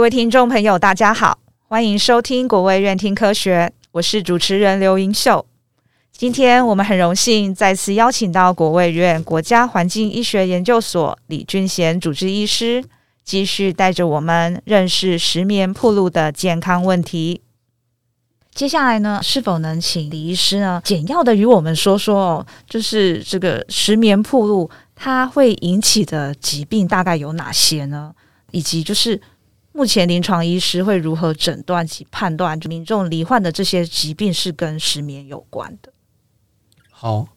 各位聽眾朋友，大家好，歡迎收聽國衛院聽科學，我是主持人劉英秀。今天我們很榮幸再次邀請到國衛院國家環境醫學研究所李俊賢主治醫師，繼續帶着我們認識石棉暴露的健康問題。接下來呢，是否能請李醫師呢，簡要的與我們說說哦，就是這個石棉暴露它會引起的疾病大概有哪些呢？以及就是。目前，臨床醫師會如何診斷及判斷民眾罹患的這些疾病是跟石綿有關的？好，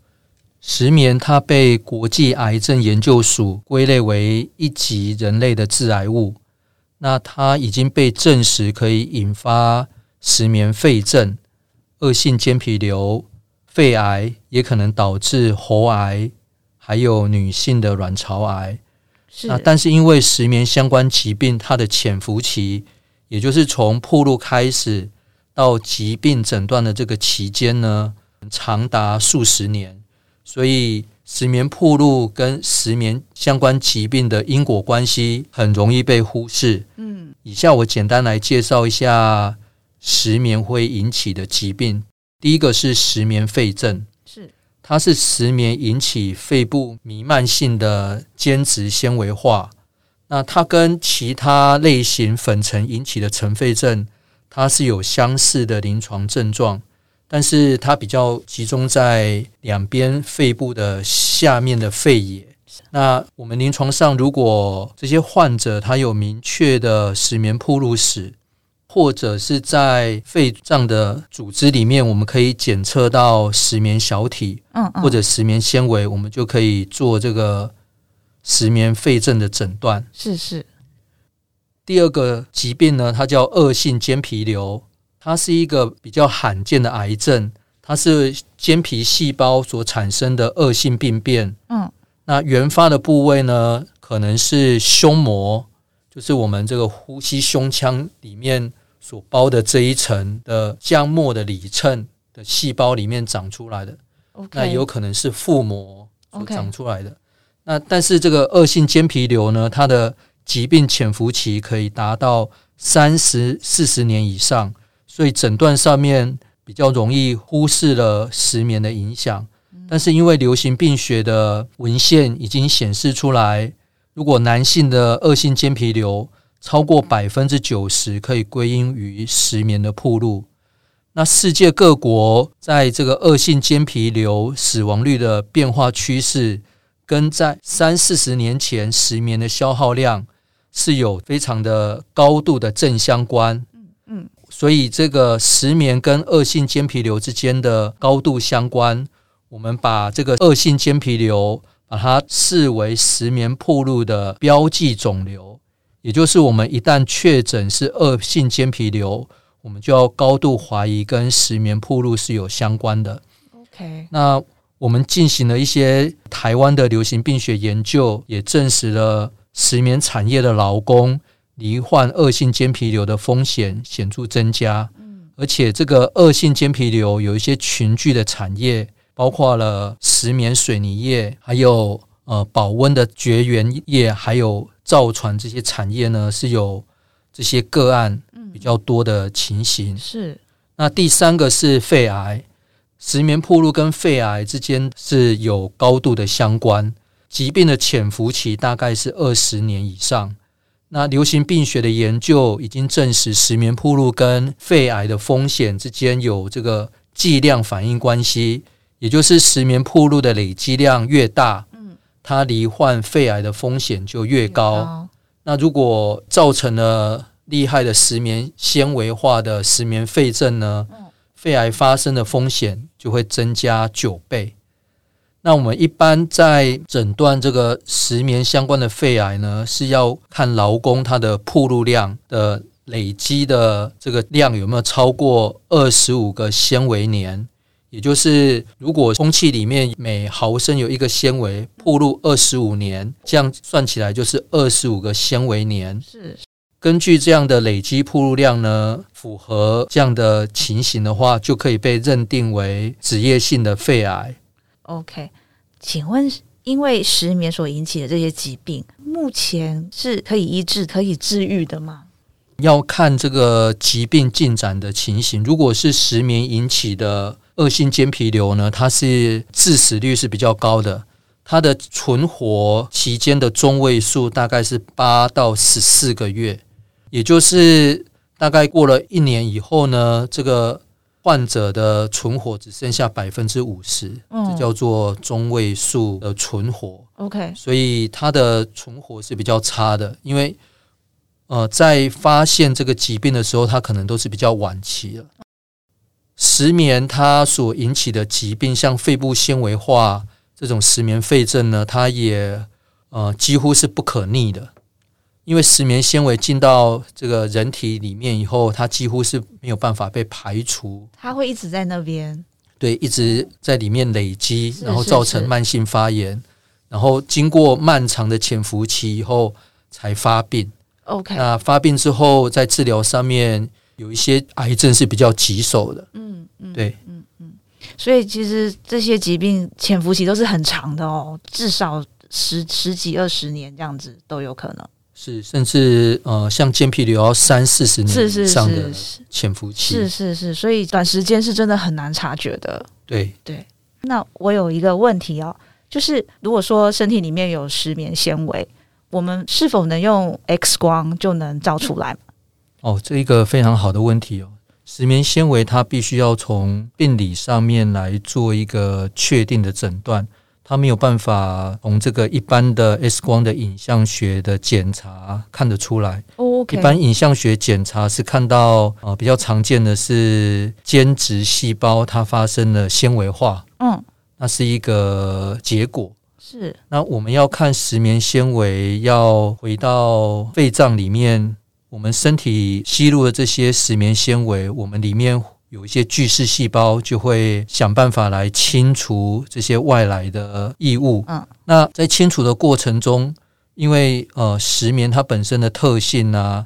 石綿它被國際癌症研究所歸類為一級人類的致癌物，那它已經被證實可以引發石綿肺症、惡性間皮瘤、肺癌，也可能導致喉癌，還有女性的卵巢癌。那是、啊、但是因為石綿相關疾病，它的潛伏期，也就是從暴露開始到疾病診斷的這個期間呢，長達數十年，所以石綿暴露跟石綿相關疾病的因果關係很容易被忽視。嗯，以下我簡單來介紹一下石綿會引起的疾病。第一個是石綿肺症。它是石綿引起肺部瀰漫性的間質纖維化，那它跟其他類型粉塵引起的塵肺症，它是有相似的臨床症狀，但是它比較集中在兩邊肺部的下面的肺野。那我們臨床上如果這些患者他有明確的石綿暴露史，或者是在肺臟的組織裡面，我們可以檢測到石棉小體，嗯，嗯，或者石棉纖維，我們就可以做這個石棉肺症的診斷。是是。第二個疾病呢，它叫惡性間皮瘤，它是一個比較罕見的癌症，它是間皮細胞所產生的惡性病變。嗯，那原發的部位呢，可能是胸膜，就是我們這個呼吸胸腔裡面。所包的這一層的漿膜的裡襯的細胞裡面長出來的，Okay. 那有可能是腹膜所長出來的。Okay. 那但是這個惡性間皮瘤呢，它的疾病潛伏期可以達到三十四十年以上，所以診斷上面比較容易忽視了石綿的影響。但是因為流行病學的文獻已經顯示出來，如果男性的惡性間皮瘤，超過百分之九十，可以歸因於石棉的暴露。那世界各國在這個惡性間皮瘤死亡率的變化趨勢，跟在三四十年前石棉的消耗量是有非常的高度的正相關。嗯嗯，所以這個石棉跟惡性間皮瘤之間的高度相關，我們把這個惡性間皮瘤把它視為石棉暴露的標記腫瘤。也就是我們一旦確診是惡性間皮瘤，我們就要高度懷疑跟石棉暴露是有相關的。OK，那我們進行了一些台灣的流行病學研究，也證實了石棉產業的勞工罹患惡性間皮瘤的風險顯著增加。嗯，而且這個惡性間皮瘤有一些群聚的產業，包括了石棉水泥業，還有呃保溫的絕緣業，還有，造船這些產業呢，是有這些個案比較多的情形。嗯、是。那第三個是肺癌，石綿暴露跟肺癌之間是有高度的相關，疾病的潛伏期大概是二十年以上。那流行病學的研究已經證實，石綿暴露跟肺癌的風險之間有這個劑量反應關係，也就是石綿暴露的累積量越大，他罹患肺癌的風險就越高。那如果造成了厲害的石綿纖維化的石綿肺症呢？肺癌發生的風險就會增加九倍。那我們一般在診斷這個石綿相關的肺癌呢，是要看勞工他的曝露量的累積的這個量有沒有超過二十五個纖維年。也就是，如果空氣裡面每毫升有一個纖維，暴露二十五年，這樣算起來就是二十五個纖維年。是根據這樣的累積暴露量呢，符合這樣的情形的話，就可以被認定為職業性的肺癌。OK，請問，因為石綿所引起的這些疾病，目前是可以醫治、可以治癒的嗎？要看這個疾病進展的情形。如果是石綿引起的。惡性間皮瘤呢，它是致死率是比較高的，它的存活期間的中位數大概是八到十四個月，也就是大概過了一年以後呢，這個患者的存活只剩下百分之五十，這叫做中位數的存活。OK，嗯，所以它的存活是比較差的，因為呃，在發現這個疾病的時候，它可能都是比較晚期的。石綿它所引起的疾病，像肺部纖維化這種石綿肺症呢，它也呃幾乎是不可逆的，因為石綿纖維進到這個人體裡面以後，它幾乎是沒有辦法被排除，它會一直在那邊，對，一直在裡面累積，然後造成慢性發炎，是是是，然後經過漫長的潛伏期以後才發病。Okay 那發病之後在治療上面。有一些癌症是比較棘手的，嗯嗯，嗯對，嗯嗯，所以其實這些疾病潛伏期都是很長的哦，至少十十幾二十年這樣子都有可能。是，甚至呃，像間皮瘤三四十年以上的潛伏期是是是是。是是是，所以短時間是真的很難察覺的。對對。那我有一個問題哦，就是如果說身體裡面有石棉纖維，我們是否能用 X 光就能照出來？ 哦，這一個非常好的問題哦。石棉纖維它必須要從病理上面來做一個確定的診斷，它沒有辦法從這個一般的 X 光的影像學的檢查看得出來。哦 okay，一般影像學檢查是看到啊，呃，比較常見的是間質細胞它發生了纖維化。嗯，那是一個結果。是，那我們要看石棉纖維要回到肺臟裡面。我們身體吸入的這些石棉纖維，我們裡面有一些巨噬細胞就會想辦法來清除這些外來的異物。嗯，那在清除的過程中，因為呃石棉它本身的特性啊，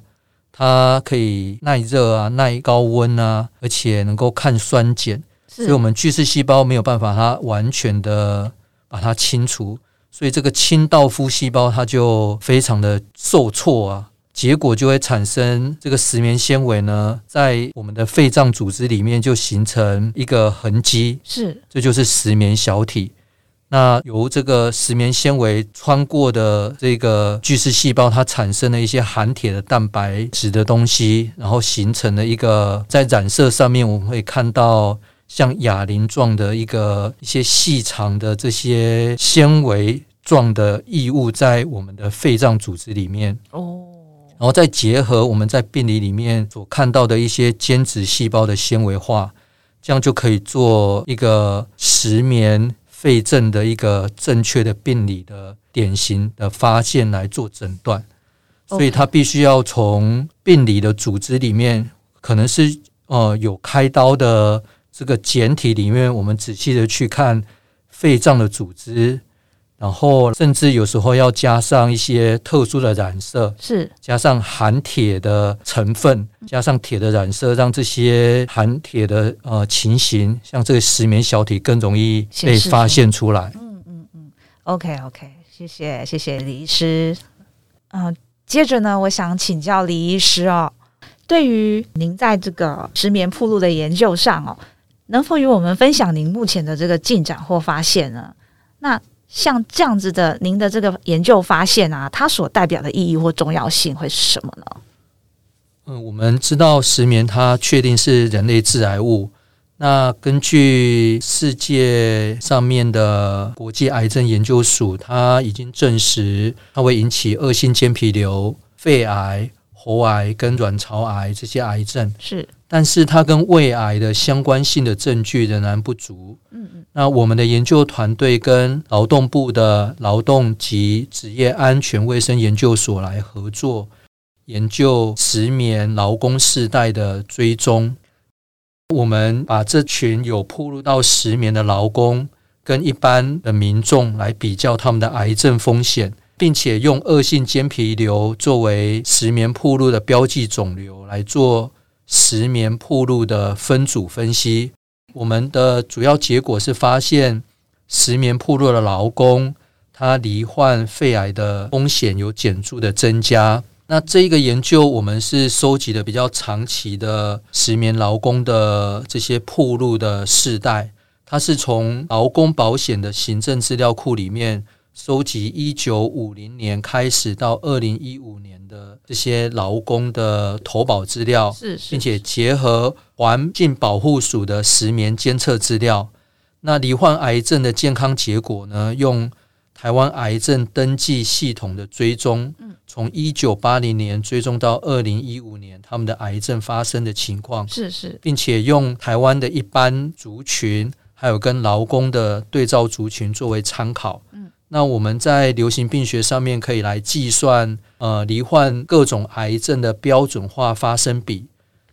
它可以耐熱啊、耐高溫啊，而且能夠抗酸鹼，是所以我們巨噬細胞沒有辦法它完全的把它清除，所以這個清道夫細胞它就非常的受挫啊。結果就會產生這個石棉纖維呢，在我們的肺臟組織裡面就形成一個痕跡，是，這就是石棉小體。那由這個石棉纖維穿過的這個巨噬細胞，它產生了一些含鐵的蛋白質的東西，然後形成了一個在染色上面我們會看到像啞鈴狀的一個一些細長的這些纖維狀的異物在我們的肺臟組織裡面。哦。然後再結合我們在病理裡面所看到的一些間質細胞的纖維化，這樣就可以做一個石綿肺症的一個正確的病理的典型的發現來做診斷。Okay. 所以，他必須要從病理的組織裡面，可能是呃有開刀的這個檢體裡面，我們仔細的去看肺臟的組織。然後，甚至有時候要加上一些特殊的染色，是加上含鐵的成分，加上鐵的染色，讓這些含鐵的呃情形，像這個石棉小體更容易被發現出來。嗯嗯嗯，OK OK，謝謝謝謝李醫師。嗯，接着呢，我想請教李醫師哦，對於您在這個石棉暴露的研究上哦，能否與我們分享您目前的這個進展或發現呢？那像這樣子的，您的這個研究發現啊，它所代表的意義或重要性會是什麼呢？嗯，我們知道石棉它確定是人類致癌物。那根據世界上面的國際癌症研究署，它已經證實它會引起惡性間皮瘤、肺癌、喉癌跟卵巢癌這些癌症。是。但是它跟胃癌的相關性的證據仍然不足。那我們的研究團隊跟勞動部的勞動及職業安全衛生研究所來合作，研究石綿勞工世代的追蹤。我們把這群有暴露到石綿的勞工跟一般的民眾來比較他們的癌症風險，並且用惡性間皮瘤作為石綿暴露的標記腫瘤來做石棉暴露的分組分析，我們的主要結果是發現石棉暴露的勞工，他罹患肺癌的風險有顯著的增加。那這個研究我們是收集的比較長期的石棉勞工的這些暴露的世代，它是從勞工保險的行政資料庫裡面。收集一九五零年開始到二零一五年的這些勞工的投保資料,並且結合環境保護署的石綿監測資料。那罹患癌症的健康結果呢，用台灣癌症登記系統的追蹤,從一九八零年追蹤到二零一五年,他們的癌症發生的情況,並且用台灣的一般族群,還有跟勞工的對照族群作為參考,那我們在流行病學上面可以來計算，呃，罹患各種癌症的標準化發生比。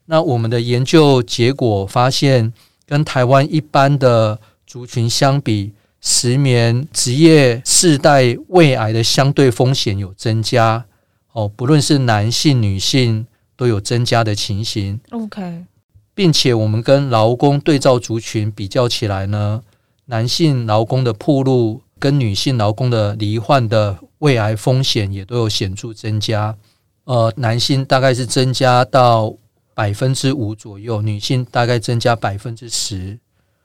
那我們的研究結果發現，跟台灣一般的族群相比，石綿、職業世代胃癌的相對風險有增加。哦，不論是男性、女性都有增加的情形。OK，並且我們跟勞工對照族群比較起來呢，男性勞工的暴露，跟女性勞工的罹患的胃癌風險也都有顯著增加，呃，男性大概是增加到百分之五左右，女性大概增加百分之十，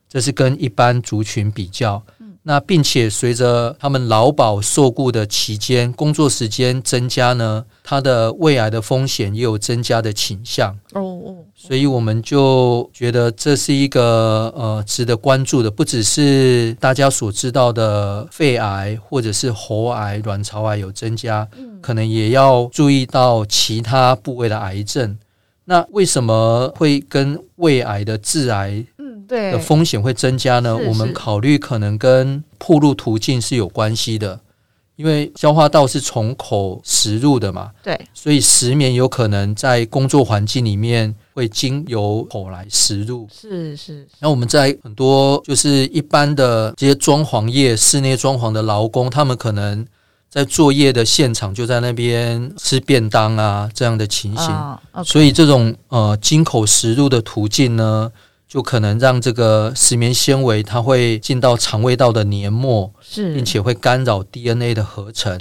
這是跟一般族群比較。那並且隨着他們勞保受僱的期間、工作時間增加呢，他的胃癌的風險也有增加的傾向。所以我們就覺得這是一個呃值得關注的，不只是大家所知道的肺癌或者是喉癌、卵巢癌有增加，可能也要注意到其他部位的癌症。那為什麼會跟胃癌的致癌的風險會增加呢？嗯，對。我們考慮可能跟暴露途徑是有關係的。因為消化道是從口食入的嘛，對，所以石棉有可能在工作環境裡面會經由口來食入。是，是是。那我們在很多就是一般的這些裝潢業、室內裝潢的勞工，他們可能在作業的現場就在那邊吃便當啊，這樣的情形。Oh, okay. 所以這種呃經口食入的途徑呢，就可能讓這個石棉纖維它會進到腸胃道的黏膜，是並且會干擾 DNA 的合成。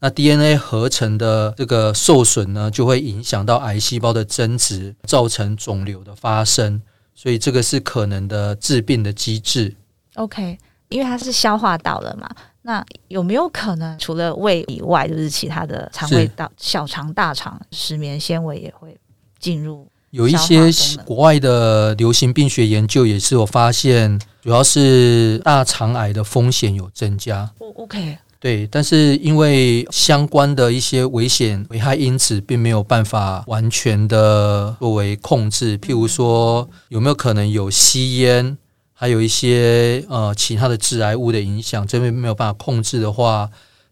那 DNA 合成的這個受損呢，就會影響到癌細胞的增殖，造成腫瘤的發生。所以這個是可能的致病的機制。OK，因為它是消化道了嘛，那有沒有可能除了胃以外，就是其他的腸胃道，是小腸、大腸，石棉纖維也會進入？有一些國外的流行病學研究也是有發現，主要是大腸癌的風險有增加。OK。對，但是因為相關的一些危險危害因子，並沒有辦法完全的作為控制。譬如說，有沒有可能有吸菸，還有一些呃其他的致癌物的影響，這邊沒有辦法控制的話。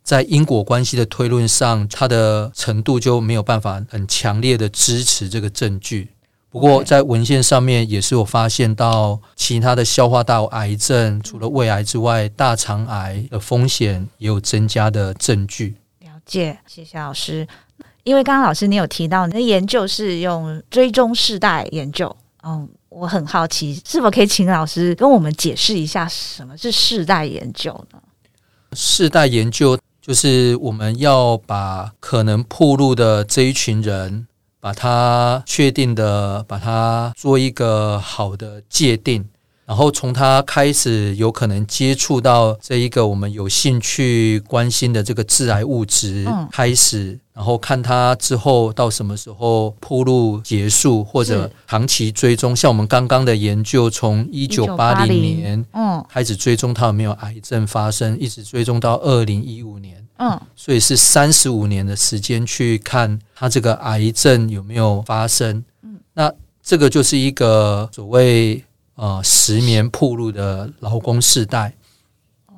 在因果關係的推論上，它的程度就沒有辦法很強烈的支持這個證據。不過，在文獻上面也是有發現到其他的消化道癌症，除了胃癌之外，大腸癌的風險也有增加的證據。了解，謝謝老師。因為剛剛老師你有提到你的研究是用追蹤世代研究，嗯，我很好奇，是否可以請老師跟我們解釋一下什麼是世代研究呢？世代研究。就是我們要把可能暴露的這一群人，把他確定的，把他做一個好的界定。然後從他開始有可能接觸到這一個我們有興趣關心的這個致癌物質開始，然後看他之後到什麼時候鋪路結束或者長期追蹤。像我們剛剛的研究，從一九八零年開始追蹤他有沒有癌症發生，一直追蹤到二零一五年，所以是三十五年的時間去看他這個癌症有沒有發生。那這個就是一個所謂。呃，石棉暴露的勞工世代。哦，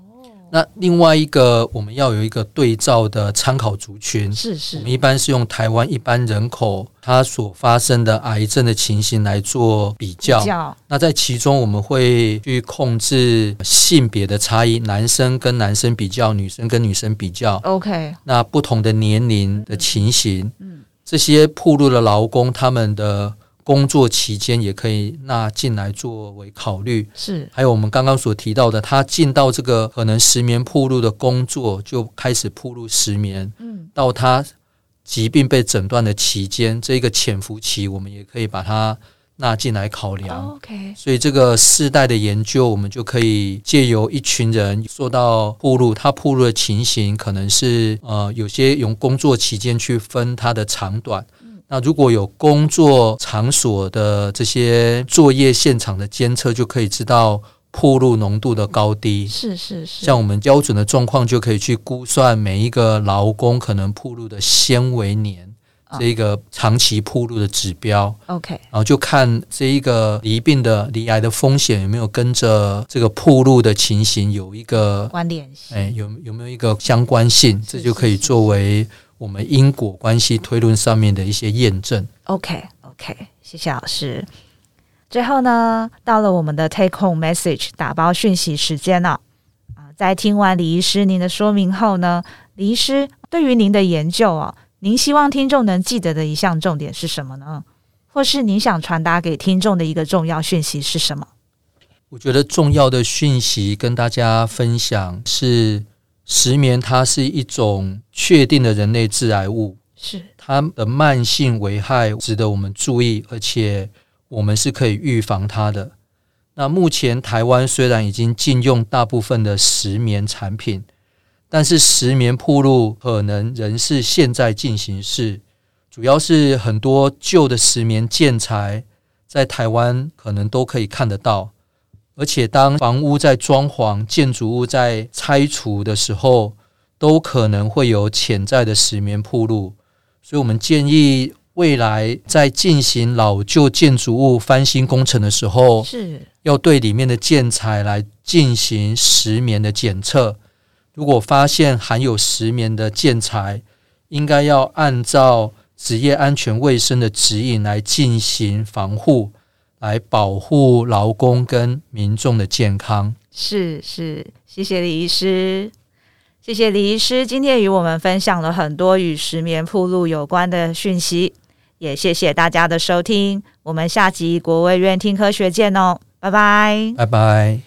那另外一個我們要有一個對照的參考族群，是是，我們一般是用台灣一般人口他所發生的癌症的情形來做比較。比較那在其中我們會去控制性別的差異，男生跟男生比較，女生跟女生比較。OK，那不同的年齡的情形，嗯，這些暴露的勞工他們的。工作期間也可以納進來作為考慮，是。還有我們剛剛所提到的，他進到這個可能石綿暴露的工作，就開始暴露石綿。嗯，到他疾病被診斷的期間，這個潛伏期，我們也可以把它納進來考量。Oh, OK。所以這個世代的研究，我們就可以借由一群人受到暴露，他暴露的情形可能是呃，有些用工作期間去分它的長短。那如果有工作場所的這些作業現場的監測，就可以知道暴露濃度的高低。是是是，像我們標準的狀況，就可以去估算每一個勞工可能暴露的纖維年，這個長期暴露的指標。OK，然後就看這一個罹病的罹癌的風險有沒有跟着這個暴露的情形有一個關聯聯性，哎，有有沒有一個相關性，這就可以作為。我們因果關係推論上面的一些驗證。OK，OK，、okay, okay, 謝謝老師。最後呢，到了我們的 Take Home Message 打包訊息時間了。啊，在聽完李醫師您的說明後呢，李醫師對於您的研究哦，您希望聽眾能記得的一項重點是什麼呢？或是您想傳達給聽眾的一個重要訊息是什麼？我覺得重要的訊息跟大家分享是。石棉它是一種確定的人類致癌物，是它的慢性危害值得我們注意，而且我們是可以預防它的。那目前台灣雖然已經禁用大部分的石棉產品，但是石棉暴露可能仍是現在進行式，主要是很多舊的石棉建材在台灣可能都可以看得到。而且，當房屋在裝潢、建築物在拆除的時候，都可能會有潛在的石棉暴露，所以我們建議未來在進行老舊建築物翻新工程的時候，是要對裡面的建材來進行石棉的檢測。如果發現含有石棉的建材，應該要按照職業安全衛生的指引來進行防護。來保護勞工跟民眾的健康。是是，謝謝李醫師，謝謝李醫師，今天與我們分享了很多與石綿暴露有關的訊息，也謝謝大家的收聽。我們下集國衛院聽科學見哦，拜拜，拜拜。